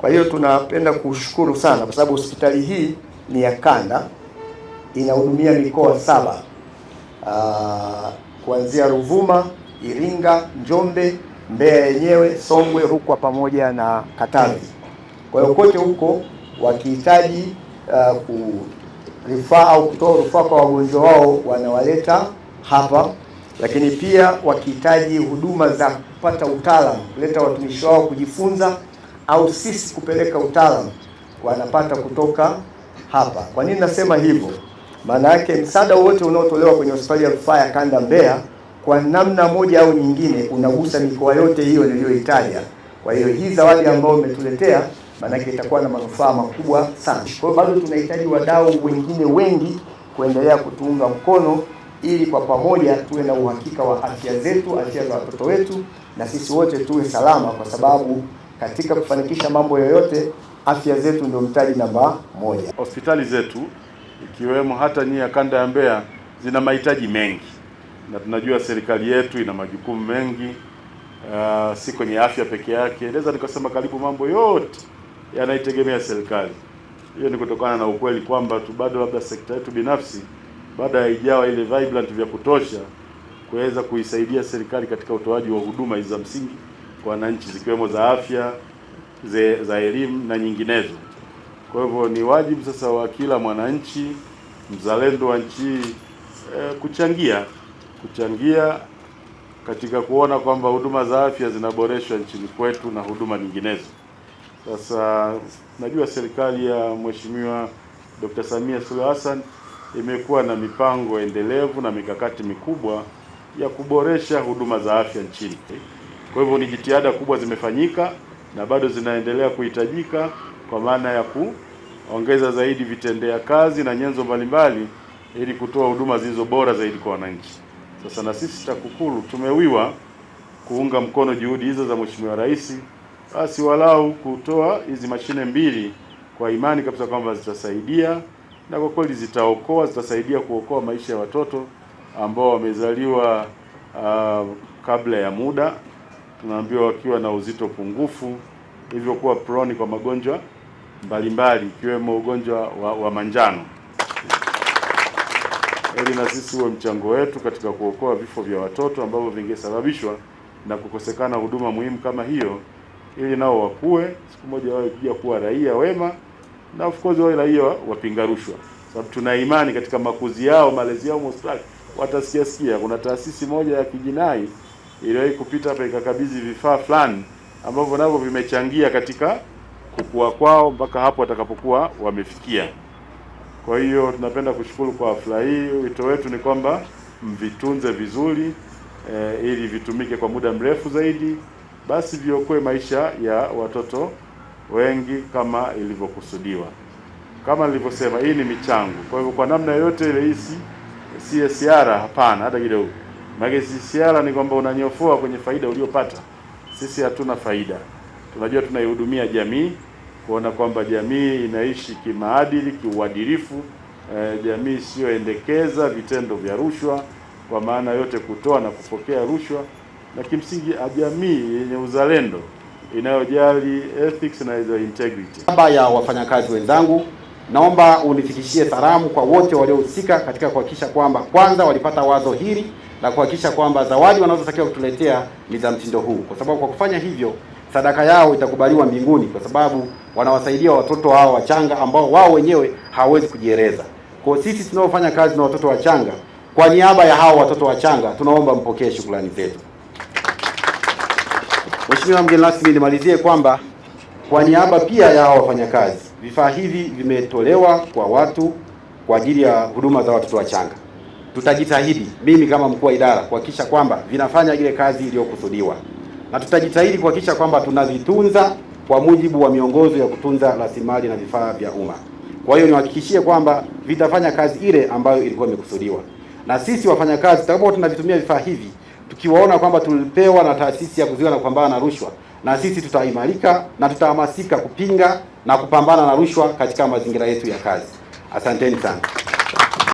Kwa hiyo tunapenda kushukuru sana kwa sababu hospitali hii ni ya kanda, inahudumia mikoa saba ah, kuanzia Ruvuma, Iringa, Njombe, Mbeya yenyewe, Songwe, Rukwa pamoja na Katavi. Kwa hiyo kote huko wakihitaji uh, au kutoa rufaa kwa wagonjwa wao wanawaleta hapa, lakini pia wakihitaji huduma za kupata utaalamu, kuleta watumishi wao kujifunza au sisi kupeleka utaalamu wanapata kutoka hapa. Kwa nini nasema hivyo? Maana yake msaada wote unaotolewa kwenye hospitali ya rufaa ya kanda Mbeya kwa namna moja au nyingine unagusa mikoa yote hiyo niliyoitaja. Kwa hiyo hii zawadi ambayo umetuletea yake itakuwa na manufaa makubwa sana. Kwa hiyo bado tunahitaji wadau wengine wengi kuendelea kutuunga mkono ili kwa pamoja tuwe na uhakika wa afya zetu, afya za watoto wetu, na sisi wote tuwe salama, kwa sababu katika kufanikisha mambo yoyote, afya zetu ndio mtaji namba moja. Hospitali zetu ikiwemo hata nyi ya kanda ya Mbeya zina mahitaji mengi, na tunajua serikali yetu ina majukumu mengi uh, si kwenye afya peke yake. Naweza nikasema karibu mambo yote yanaitegemea serikali. Hiyo ni kutokana na ukweli kwamba tu bado labda sekta yetu binafsi bado haijawa ile vibrant vya kutosha kuweza kuisaidia serikali katika utoaji wa huduma hizi za msingi kwa wananchi zikiwemo za afya, za elimu na nyinginezo. Kwa hivyo ni wajibu sasa wa kila mwananchi mzalendo wa nchi hii e, kuchangia kuchangia katika kuona kwamba huduma za afya zinaboreshwa nchini kwetu na huduma nyinginezo. Sasa najua serikali ya Mheshimiwa Dr. Samia Suluhu Hassan imekuwa na mipango endelevu na mikakati mikubwa ya kuboresha huduma za afya nchini. Kwa hivyo ni jitihada kubwa zimefanyika na bado zinaendelea kuhitajika kwa maana ya kuongeza zaidi vitendea kazi na nyenzo mbalimbali ili kutoa huduma zilizo bora zaidi kwa wananchi. Sasa na sisi TAKUKURU tumewiwa kuunga mkono juhudi hizo za Mheshimiwa Rais, basi walau kutoa hizi mashine mbili kwa imani kabisa kwamba zitasaidia na kwa kweli zitaokoa, zitasaidia kuokoa maisha ya watoto ambao wamezaliwa uh, kabla ya muda tunaambiwa wakiwa na uzito pungufu, hivyo kuwa prone kwa magonjwa mbalimbali ikiwemo ugonjwa wa, wa manjano. Ili na sisi huwe mchango wetu katika kuokoa vifo vya watoto ambavyo vingesababishwa na kukosekana huduma muhimu kama hiyo, ili nao wakue siku moja wawe kuja kuwa raia wema na of course wawe raia wapinga rushwa, sababu tuna imani katika makuzi yao, malezi yao, mustaki, watasikia sikia kuna taasisi moja ya kijinai iliwahi kupita hapa ikakabidhi vifaa fulani ambavyo navyo vimechangia katika kukua kwao mpaka hapo watakapokuwa wamefikia. Kwa hiyo tunapenda kushukuru kwa hafla hii. Wito wetu ni kwamba mvitunze vizuri e, ili vitumike kwa muda mrefu zaidi, basi viokoe maisha ya watoto wengi kama ilivyokusudiwa. Kama nilivyosema, hii ni michango. Kwa hivyo kwa namna yoyote ile hisi CSR hapana, hata kidogo magezi siara ni kwamba unanyofoa kwenye faida uliopata. Sisi hatuna faida, tunajua tunaihudumia jamii, kuona kwamba jamii inaishi kimaadili, kiuadilifu, eh, jamii isiyoendekeza vitendo vya rushwa, kwa maana yote kutoa na kupokea rushwa, na kimsingi jamii yenye uzalendo inayojali ethics na integrity. Namba ya wafanyakazi wenzangu, naomba unifikishie salamu kwa wote waliohusika katika kuhakikisha kwamba kwanza walipata wazo hili na kuhakikisha kwamba zawadi wanazotakiwa kutuletea ni za mtindo huu, kwa sababu kwa kufanya hivyo sadaka yao itakubaliwa mbinguni, kwa sababu wanawasaidia watoto hao wachanga ambao wao wenyewe hawawezi kujieleza. Kwa sisi tunaofanya kazi na watoto wachanga, kwa niaba ya hao watoto wachanga tunaomba mpokee shukrani zetu. Mheshimiwa mgeni rasmi, nimalizie kwamba kwa niaba pia ya hao wafanyakazi, vifaa hivi vimetolewa kwa watu kwa ajili ya huduma za watoto wachanga tutajitahidi, mimi kama mkuu wa idara kuhakikisha kwamba vinafanya ile kazi iliyokusudiwa, na tutajitahidi kuhakikisha kwamba tunavitunza kwa mujibu wa miongozo ya kutunza rasilimali na vifaa vya umma. Kwa hiyo niwahakikishie kwamba vitafanya kazi ile ambayo ilikuwa imekusudiwa, na sisi wafanyakazi tutakapokuwa tunavitumia vifaa hivi, tukiwaona kwamba tulipewa na taasisi ya kuzuia na kupambana na rushwa, na sisi tutaimarika na tutahamasika kupinga na kupambana na rushwa katika mazingira yetu ya kazi. Asanteni sana.